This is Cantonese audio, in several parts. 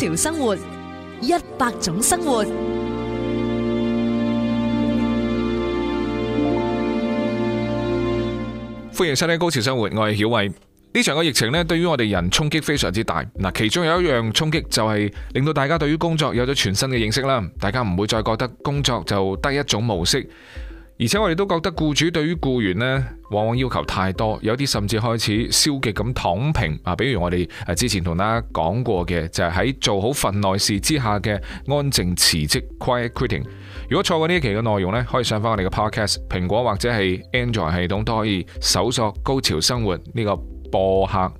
高潮生活，一百種生活。歡迎收聽《高潮生活》，我曉偉，我係曉偉。呢場嘅疫情咧，對於我哋人衝擊非常之大。嗱，其中有一樣衝擊就係令到大家對於工作有咗全新嘅認識啦。大家唔會再覺得工作就得一種模式。而且我哋都覺得僱主對於僱員往往要求太多，有啲甚至開始消極咁躺平啊！比如我哋之前同大家講過嘅，就係喺做好份內事之下嘅安靜辭職 （quiet quitting）。如果錯過呢一期嘅內容，呢可以上翻我哋嘅 podcast，蘋果或者係 Android 系統都可以搜索《高潮生活》呢個播客。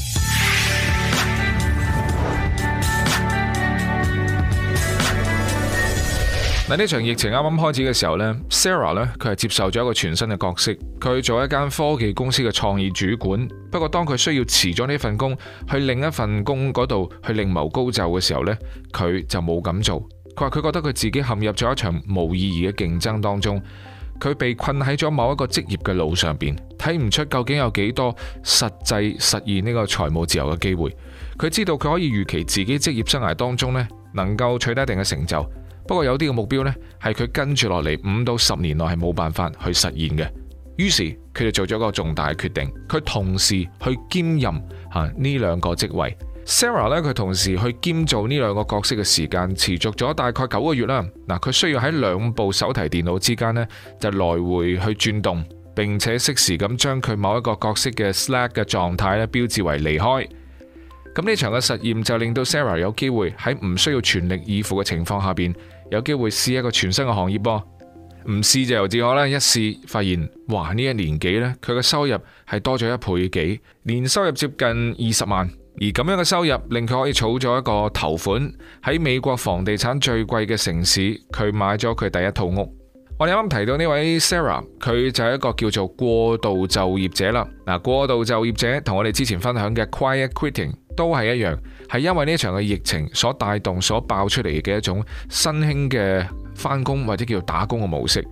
喺呢場疫情啱啱開始嘅時候呢，Sarah 呢，佢係接受咗一個全新嘅角色，佢做一間科技公司嘅創意主管。不過當佢需要辭咗呢份工，去另一份工嗰度去另謀高就嘅時候呢，佢就冇咁做。佢話佢覺得佢自己陷入咗一場無意義嘅競爭當中，佢被困喺咗某一個職業嘅路上邊，睇唔出究竟有幾多實際實現呢個財務自由嘅機會。佢知道佢可以預期自己職業生涯當中呢，能夠取得一定嘅成就。不過有啲嘅目標咧，係佢跟住落嚟五到十年內係冇辦法去實現嘅。於是佢就做咗一個重大嘅決定，佢同時去兼任吓呢兩個職位。Sarah 咧，佢同時去兼做呢兩個角色嘅時間持續咗大概九個月啦。嗱，佢需要喺兩部手提電腦之間咧就來回去轉動，並且適時咁將佢某一個角色嘅 slack 嘅狀態咧標誌為離開。咁呢場嘅實驗就令到 Sarah 有機會喺唔需要全力以赴嘅情況下邊。有機會試一個全新嘅行業喎。唔試就由自我啦。一試發現，哇！呢一年幾呢，佢嘅收入係多咗一倍幾，年收入接近二十萬。而咁樣嘅收入令佢可以儲咗一個頭款，喺美國房地產最貴嘅城市，佢買咗佢第一套屋。我哋啱啱提到呢位 Sarah，佢就係一個叫做過度就業者啦。嗱，過度就業者同我哋之前分享嘅 Quiet Quitting。都係一樣，係因為呢場嘅疫情所帶動、所爆出嚟嘅一種新興嘅返工或者叫打工嘅模式。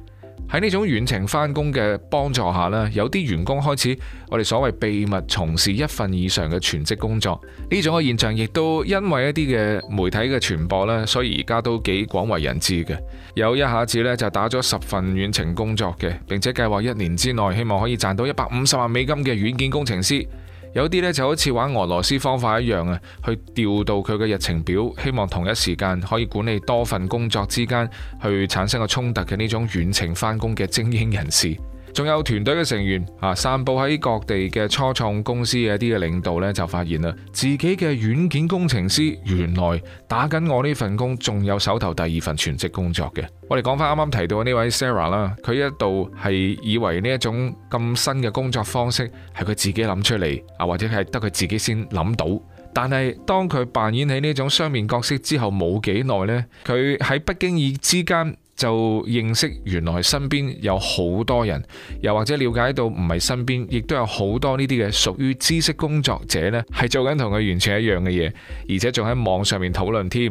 喺呢種遠程返工嘅幫助下，呢有啲員工開始我哋所謂秘密從事一份以上嘅全職工作。呢種嘅現象亦都因為一啲嘅媒體嘅傳播，呢所以而家都幾廣為人知嘅。有一下子呢，就打咗十份遠程工作嘅，並且計劃一年之內希望可以賺到一百五十萬美金嘅軟件工程師。有啲呢就好似玩俄羅斯方塊一樣啊，去調度佢嘅日程表，希望同一時間可以管理多份工作之間去產生個衝突嘅呢種遠程返工嘅精英人士。仲有團隊嘅成員啊，散佈喺各地嘅初創公司嘅一啲嘅領導呢，就發現啦，自己嘅軟件工程師原來打緊我呢份工，仲有手頭第二份全職工作嘅。我哋講翻啱啱提到嘅呢位 Sarah 啦，佢一度係以為呢一種咁新嘅工作方式係佢自己諗出嚟啊，或者係得佢自己先諗到。但係當佢扮演起呢種雙面角色之後，冇幾耐呢，佢喺不經意之間，就認識原來身邊有好多人，又或者了解到唔係身邊，亦都有好多呢啲嘅屬於知識工作者呢係做緊同佢完全一樣嘅嘢，而且仲喺網上面討論添。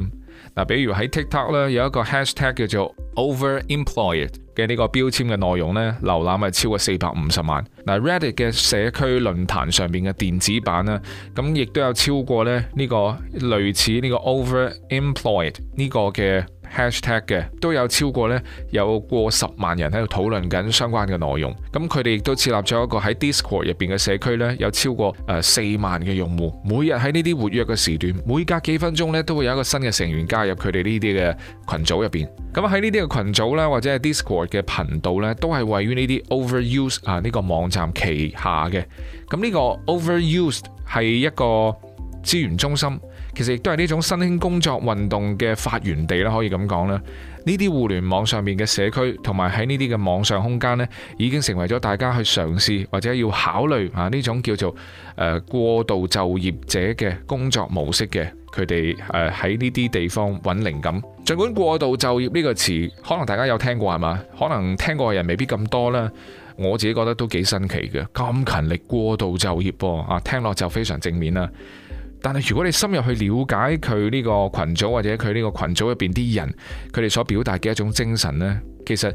嗱，比如喺 TikTok 咧有一個 hashtag 叫做 overemployed 嘅呢個標籤嘅內容呢瀏覽係超過四百五十萬。嗱，Reddit 嘅社區論壇上面嘅電子版咧，咁亦都有超過呢個類似呢個 overemployed 呢個嘅。#hashtag 嘅都有超過呢，有過十萬人喺度討論緊相關嘅內容，咁佢哋亦都設立咗一個喺 Discord 入邊嘅社區呢，有超過誒四萬嘅用戶，每日喺呢啲活躍嘅時段，每隔幾分鐘呢，都會有一個新嘅成員加入佢哋呢啲嘅群組入邊。咁喺呢啲嘅群組呢，或者係 Discord 嘅頻道呢，都係位於呢啲 Overuse 啊呢個網站旗下嘅。咁呢個 Overuse 係一個資源中心。其實亦都係呢種新興工作運動嘅發源地啦，可以咁講啦。呢啲互聯網上面嘅社區，同埋喺呢啲嘅網上空間呢，已經成為咗大家去嘗試或者要考慮啊呢種叫做誒、呃、過度就業者嘅工作模式嘅。佢哋誒喺呢啲地方揾靈感。盡管過度就業呢個詞可能大家有聽過，係嘛，可能聽過嘅人未必咁多啦。我自己覺得都幾新奇嘅，咁勤力過度就業喎啊，聽落就非常正面啦，啊。但係如果你深入去了解佢呢個群組或者佢呢個群組入邊啲人，佢哋所表達嘅一種精神呢，其實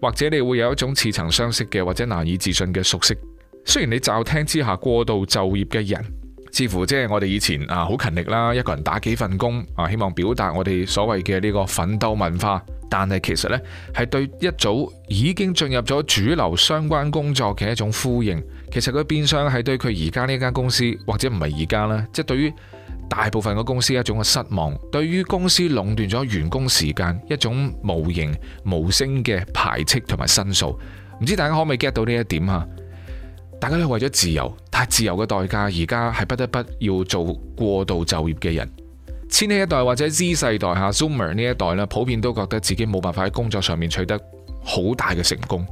或者你會有一種似曾相識嘅或者難以置信嘅熟悉。雖然你驟聽之下過度就業嘅人，似乎即係我哋以前啊好勤力啦，一個人打幾份工啊，希望表達我哋所謂嘅呢個奮鬥文化，但係其實呢，係對一早已經進入咗主流相關工作嘅一種呼應。其實佢變相係對佢而家呢間公司，或者唔係而家啦，即係對於大部分嘅公司一種嘅失望，對於公司壟斷咗員工時間一種無形無聲嘅排斥同埋申訴。唔知大家可唔可以 get 到呢一點？大家都為咗自由，太自由嘅代價而家係不得不要做過度就業嘅人。千禧一代或者 Z 世代吓 Zoomer 呢一代呢，普遍都覺得自己冇辦法喺工作上面取得好大嘅成功，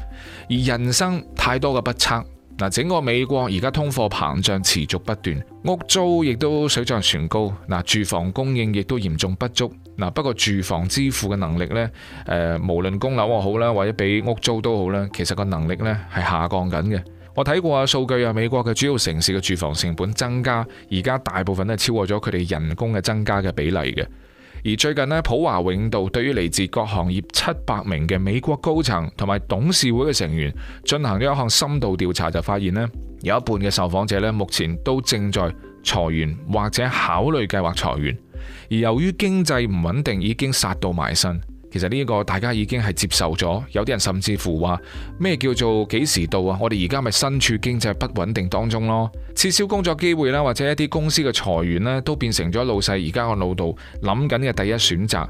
而人生太多嘅不測。嗱，整個美國而家通貨膨脹持續不斷，屋租亦都水漲船高，嗱，住房供應亦都嚴重不足，嗱，不過住房支付嘅能力呢，誒、呃，無論供樓又好啦，或者俾屋租都好啦，其實個能力呢係下降緊嘅。我睇過啊數據啊，美國嘅主要城市嘅住房成本增加，而家大部分都係超過咗佢哋人工嘅增加嘅比例嘅。而最近呢，普華永道對於嚟自各行業七百名嘅美國高層同埋董事會嘅成員進行咗一項深度調查，就發現呢，有一半嘅受訪者呢，目前都正在裁員或者考慮計劃裁員，而由於經濟唔穩定，已經殺到埋身。其實呢個大家已經係接受咗，有啲人甚至乎話咩叫做幾時到啊？我哋而家咪身處經濟不穩定當中咯，撤銷工作機會啦，或者一啲公司嘅裁員呢，都變成咗老細而家個腦度諗緊嘅第一選擇。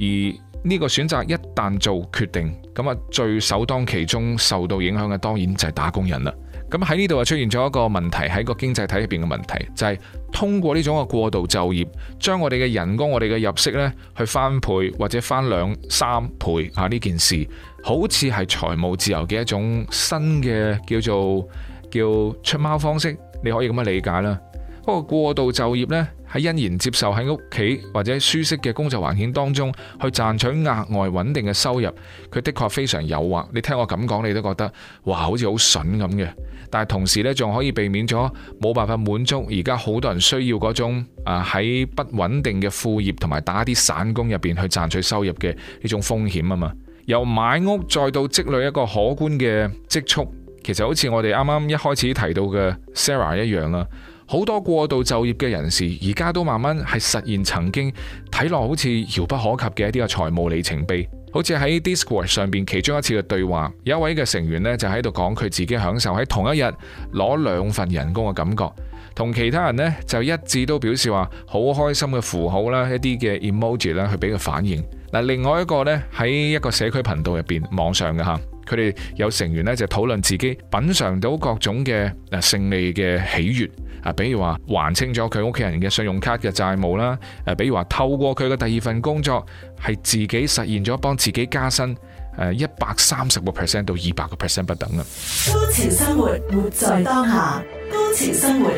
而呢個選擇一旦做決定，咁啊最首當其衝，受到影響嘅，當然就係打工人啦。咁喺呢度啊出現咗一個問題，喺個經濟體入邊嘅問題就係，是。通過呢種嘅過度就業，將我哋嘅人工、我哋嘅入息咧，去翻倍或者翻兩三倍啊！呢件事好似係財務自由嘅一種新嘅叫做叫出貓方式，你可以咁樣理解啦。不過過度就業呢。喺欣然接受喺屋企或者舒適嘅工作環境當中，去賺取額外穩定嘅收入，佢的確非常誘惑。你聽我咁講，你都覺得哇，好似好笋咁嘅。但係同時呢，仲可以避免咗冇辦法滿足而家好多人需要嗰種啊喺不穩定嘅副業同埋打啲散工入邊去賺取收入嘅呢種風險啊嘛。由買屋再到積累一個可觀嘅積蓄，其實好似我哋啱啱一開始提到嘅 Sarah 一樣啦。好多過度就業嘅人士，而家都慢慢係實現曾經睇落好似遙不可及嘅一啲嘅財務里程碑。好似喺 Discord 上邊其中一次嘅對話，有一位嘅成員呢，就喺度講佢自己享受喺同一日攞兩份人工嘅感覺，同其他人呢，就一致都表示話好開心嘅符號啦，一啲嘅 emoji 啦去俾佢反應。嗱，另外一個呢，喺一個社區頻道入邊，網上嘅吓，佢哋有成員呢，就討論自己品嘗到各種嘅誒勝利嘅喜悅啊，比如話還清咗佢屋企人嘅信用卡嘅債務啦，誒，比如話透過佢嘅第二份工作係自己實現咗幫自己加薪誒一百三十個 percent 到二百個 percent 不等啊。高潮生活，活在當下，高潮生活，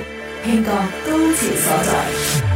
拼個高潮所在。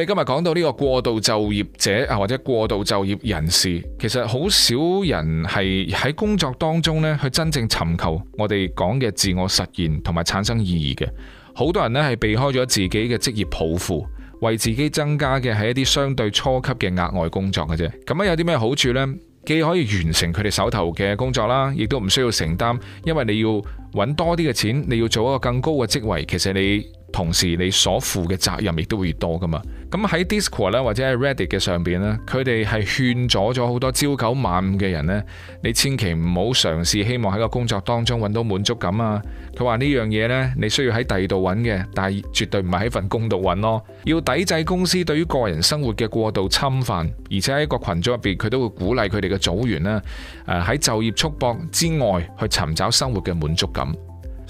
你今日講到呢個過度就業者啊，或者過度就業人士，其實好少人係喺工作當中呢去真正尋求我哋講嘅自我實現同埋產生意義嘅。好多人呢係避開咗自己嘅職業抱負，為自己增加嘅係一啲相對初級嘅額外工作嘅啫。咁有啲咩好處呢？既可以完成佢哋手頭嘅工作啦，亦都唔需要承擔，因為你要揾多啲嘅錢，你要做一個更高嘅職位，其實你。同時，你所負嘅責任亦都會越多噶嘛？咁喺 Discord 咧，或者係 Reddit 嘅上邊咧，佢哋係勸阻咗好多朝九晚五嘅人咧，你千祈唔好嘗試希望喺個工作當中揾到滿足感啊！佢話呢樣嘢呢，你需要喺第二度揾嘅，但係絕對唔係喺份工度揾咯。要抵制公司對於個人生活嘅過度侵犯，而且喺個群組入邊，佢都會鼓勵佢哋嘅組員呢，喺就業束縛之外去尋找生活嘅滿足感。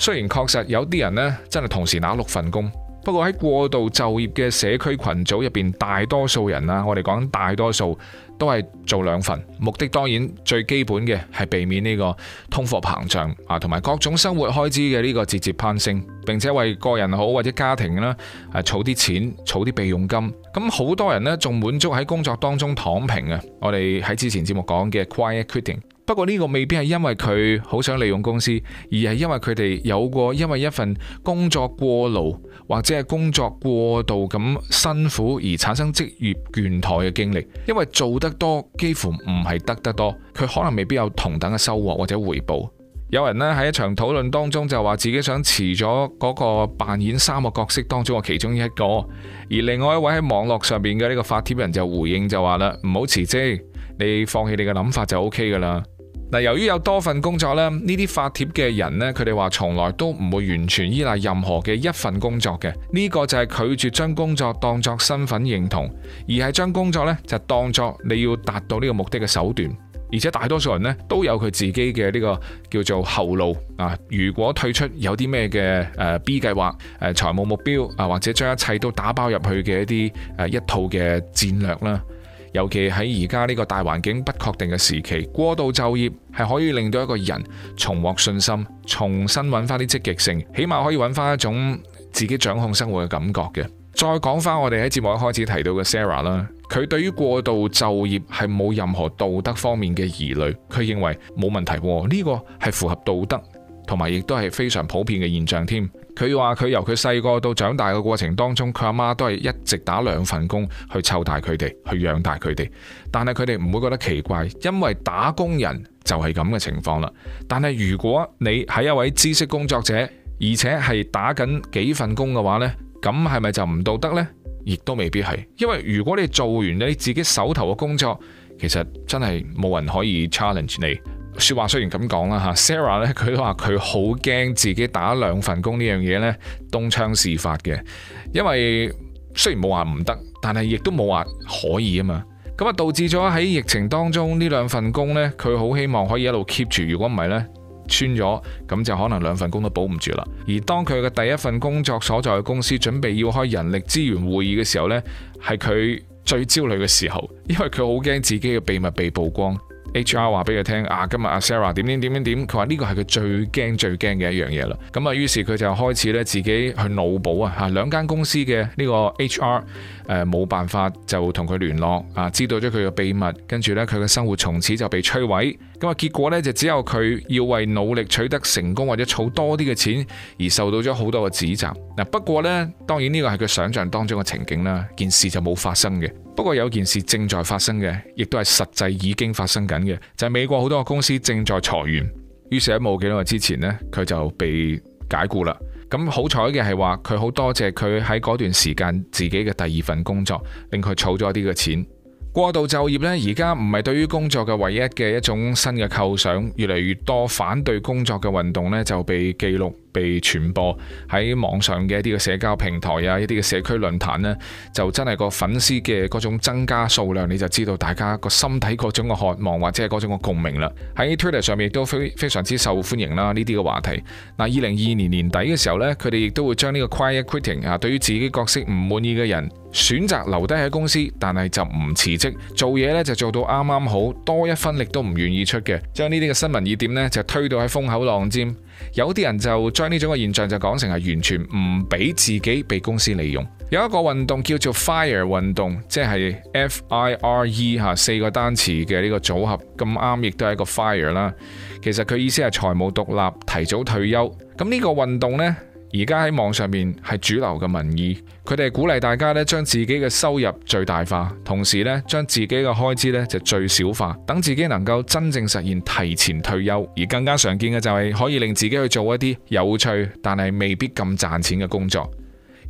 雖然確實有啲人呢真係同時拿六份工，不過喺過度就業嘅社區群組入邊，大多數人啊，我哋講大多數都係做兩份，目的當然最基本嘅係避免呢個通貨膨脹啊，同埋各種生活開支嘅呢個節節攀升，並且為個人好或者家庭啦，啊，儲啲錢，儲啲備用金。咁好多人呢仲滿足喺工作當中躺平啊！我哋喺之前節目講嘅 quiet quitting。不過呢個未必係因為佢好想利用公司，而係因為佢哋有過因為一份工作過勞或者係工作過度咁辛苦而產生職業倦怠嘅經歷。因為做得多，幾乎唔係得得多，佢可能未必有同等嘅收穫或者回報。有人呢喺一場討論當中就話自己想辭咗嗰個扮演三個角色當中嘅其中一個，而另外一位喺網絡上面嘅呢個發帖人就回應就話啦：唔好辭職，你放棄你嘅諗法就 OK 噶啦嗱，由於有多份工作咧，呢啲發帖嘅人呢，佢哋話從來都唔會完全依賴任何嘅一份工作嘅，呢個就係拒絕將工作當作身份認同，而係將工作呢就當作你要達到呢個目的嘅手段。而且大多數人呢，都有佢自己嘅呢個叫做後路啊。如果退出有啲咩嘅誒 B 計劃，誒財務目標啊，或者將一切都打包入去嘅一啲誒一套嘅戰略啦。尤其喺而家呢個大環境不確定嘅時期，過度就業係可以令到一個人重獲信心，重新揾翻啲積極性，起碼可以揾翻一種自己掌控生活嘅感覺嘅。再講翻我哋喺節目一開始提到嘅 Sarah 啦，佢對於過度就業係冇任何道德方面嘅疑慮，佢認為冇問題，呢個係符合道德，同埋亦都係非常普遍嘅現象添。佢話：佢由佢細個到長大嘅過程當中，佢阿媽都係一直打兩份工去湊大佢哋，去養大佢哋。但係佢哋唔會覺得奇怪，因為打工人就係咁嘅情況啦。但係如果你係一位知識工作者，而且係打緊幾份工嘅話呢，咁係咪就唔道德呢？亦都未必係，因為如果你做完你自己手頭嘅工作，其實真係冇人可以 challenge 你。説話雖然咁講啦 Sarah 咧佢都話佢好驚自己打兩份工呢樣嘢呢東窗事發嘅，因為雖然冇話唔得，但係亦都冇話可以啊嘛，咁啊導致咗喺疫情當中呢兩份工呢，佢好希望可以一路 keep 住，如果唔係呢，穿咗，咁就可能兩份工都保唔住啦。而當佢嘅第一份工作所在嘅公司準備要開人力資源會議嘅時候呢，係佢最焦慮嘅時候，因為佢好驚自己嘅秘密被曝光。HR 話俾佢聽，啊，今日阿 Sarah 點點點點點，佢話呢個係佢最驚最驚嘅一樣嘢啦。咁啊，於是佢就開始咧自己去腦補啊，吓兩間公司嘅呢個 HR 誒冇辦法就同佢聯絡啊，知道咗佢嘅秘密，跟住呢佢嘅生活從此就被摧毀。咁啊，結果呢，就只有佢要為努力取得成功或者儲多啲嘅錢而受到咗好多嘅指責。嗱，不過呢，當然呢個係佢想象當中嘅情景啦，件事就冇發生嘅。不過有件事正在發生嘅，亦都係實際已經發生緊嘅，就係美國好多嘅公司正在裁員。於是喺冇幾耐之前呢，佢就被解雇啦。咁好彩嘅係話，佢好多謝佢喺嗰段時間自己嘅第二份工作，令佢儲咗一啲嘅錢。過度就業呢，而家唔係對於工作嘅唯一嘅一種新嘅構想，越嚟越多反對工作嘅運動呢就被記錄。被傳播喺網上嘅一啲嘅社交平台啊，一啲嘅社區論壇呢，就真係個粉絲嘅嗰種增加數量，你就知道大家個心底嗰種嘅渴望或者係嗰種嘅共鳴啦。喺 Twitter 上面亦都非非常之受歡迎啦，呢啲嘅話題。嗱，二零二二年年底嘅時候呢，佢哋亦都會將呢個 quiet quitting 啊，對於自己角色唔滿意嘅人選擇留低喺公司，但係就唔辭職做嘢呢，就做到啱啱好，多一分力都唔願意出嘅，將呢啲嘅新聞熱點呢，就推到喺風口浪尖。有啲人就將呢種嘅現象就講成係完全唔俾自己被公司利用。有一個運動叫做 Fire 運動，即係 F I R E 吓四個單詞嘅呢個組合咁啱，亦都係一個 Fire 啦。其實佢意思係財務獨立、提早退休。咁呢個運動呢，而家喺網上面係主流嘅民意，佢哋鼓勵大家呢，將自己嘅收入最大化，同時呢，將自己嘅開支呢就最小化，等自己能夠真正實現提前退休。而更加常見嘅就係可以令自己去做一啲有趣但係未必咁賺錢嘅工作。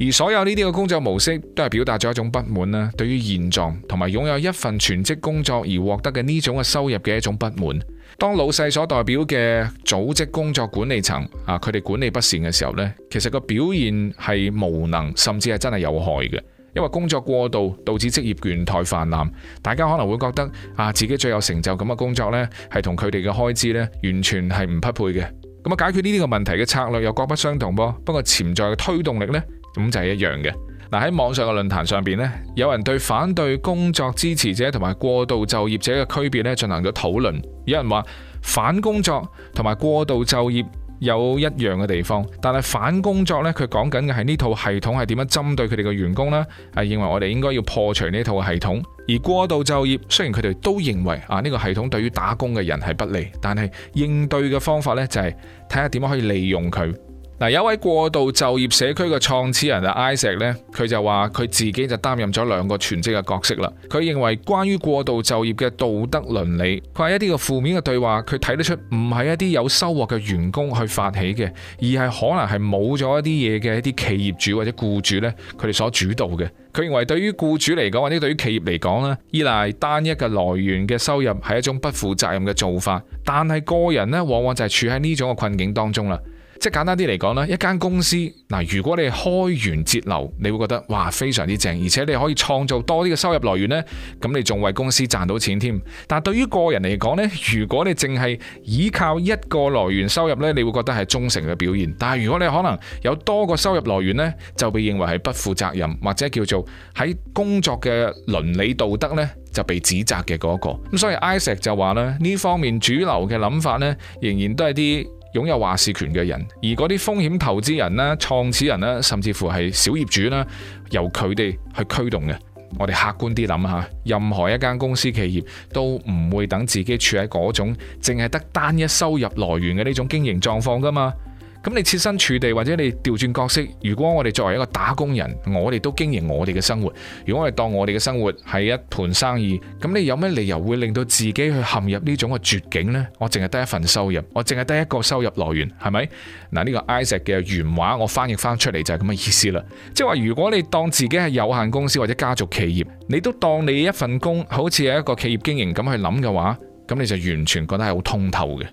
而所有呢啲嘅工作模式都係表達咗一種不滿啦，對於現狀同埋擁有一份全職工作而獲得嘅呢種嘅收入嘅一種不滿。當老細所代表嘅組織工作管理層啊，佢哋管理不善嘅時候呢，其實個表現係無能，甚至係真係有害嘅。因為工作過度導致職業倦怠氾濫，大家可能會覺得啊，自己最有成就感嘅工作呢，係同佢哋嘅開支呢完全係唔匹配嘅。咁啊，解決呢啲個問題嘅策略又各不相同噃，不過潛在嘅推動力呢，咁就係一樣嘅。嗱，喺網上嘅論壇上邊咧，有人對反對工作支持者同埋過度就業者嘅區別咧進行咗討論。有人話反工作同埋過度就業有一樣嘅地方，但係反工作咧佢講緊嘅係呢套系統係點樣針對佢哋嘅員工啦。啊，認為我哋應該要破除呢套系統。而過度就業雖然佢哋都認為啊呢個系統對於打工嘅人係不利，但係應對嘅方法咧就係睇下點樣可以利用佢。嗱，有位過度就業社區嘅創始人啊，艾石咧，佢就話佢自己就擔任咗兩個全職嘅角色啦。佢認為關於過度就業嘅道德倫理，佢話一啲嘅負面嘅對話，佢睇得出唔係一啲有收穫嘅員工去發起嘅，而係可能係冇咗一啲嘢嘅一啲企業主或者僱主呢，佢哋所主導嘅。佢認為對於僱主嚟講或者對於企業嚟講呢，依賴單一嘅來源嘅收入係一種不負責任嘅做法，但係個人呢，往往就係處喺呢種嘅困境當中啦。即係簡單啲嚟講呢，一間公司嗱，如果你開源節流，你會覺得哇非常之正，而且你可以創造多啲嘅收入來源呢，咁你仲為公司賺到錢添。但對於個人嚟講呢，如果你淨係依靠一個來源收入呢，你會覺得係忠誠嘅表現。但如果你可能有多個收入來源呢，就被認為係不負責任，或者叫做喺工作嘅倫理道德呢，就被指責嘅嗰個。咁所以 Isaac 就話呢，呢方面主流嘅諗法呢，仍然都係啲。擁有話事權嘅人，而嗰啲風險投資人啦、創始人啦，甚至乎係小業主啦，由佢哋去驅動嘅。我哋客觀啲諗下，任何一間公司企業都唔會等自己處喺嗰種淨係得單一收入來源嘅呢種經營狀況㗎嘛。咁你設身處地，或者你調轉角色，如果我哋作為一個打工人，我哋都經營我哋嘅生活。如果我哋當我哋嘅生活係一盤生意，咁你有咩理由會令到自己去陷入呢種嘅絕境呢？我淨係得一份收入，我淨係得一個收入來源，係咪？嗱，呢個 Isaac 嘅原話，我翻譯翻出嚟就係咁嘅意思啦。即係話，如果你當自己係有限公司或者家族企業，你都當你一份工好似係一個企業經營咁去諗嘅話，咁你就完全覺得係好通透嘅。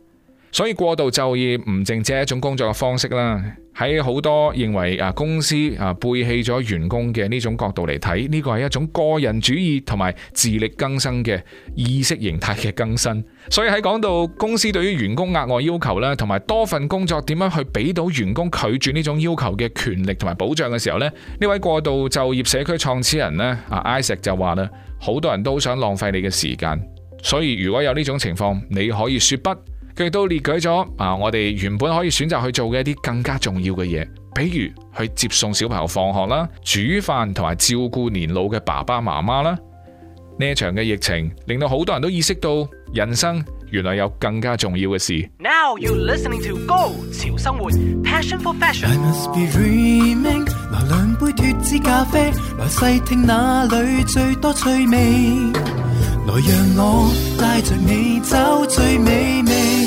所以過度就業唔淨只係一種工作嘅方式啦。喺好多認為啊公司啊背棄咗員工嘅呢種角度嚟睇，呢個係一種個人主義同埋自力更生嘅意識形態嘅更新。所以喺講到公司對於員工額外要求啦，同埋多份工作點樣去俾到員工拒絕呢種要求嘅權力同埋保障嘅時候咧，呢位過度就業社區創始人呢，啊 Isaac 就話咧，好多人都好想浪費你嘅時間，所以如果有呢種情況，你可以說不。佢都列舉咗啊，我哋原本可以選擇去做嘅一啲更加重要嘅嘢，比如去接送小朋友放學啦，煮飯同埋照顧年老嘅爸爸媽媽啦。呢場嘅疫情令到好多人都意識到，人生原來有更加重要嘅事。Now you listening，passion for fashion，shall not you to go for Fashion. I must be dreaming be。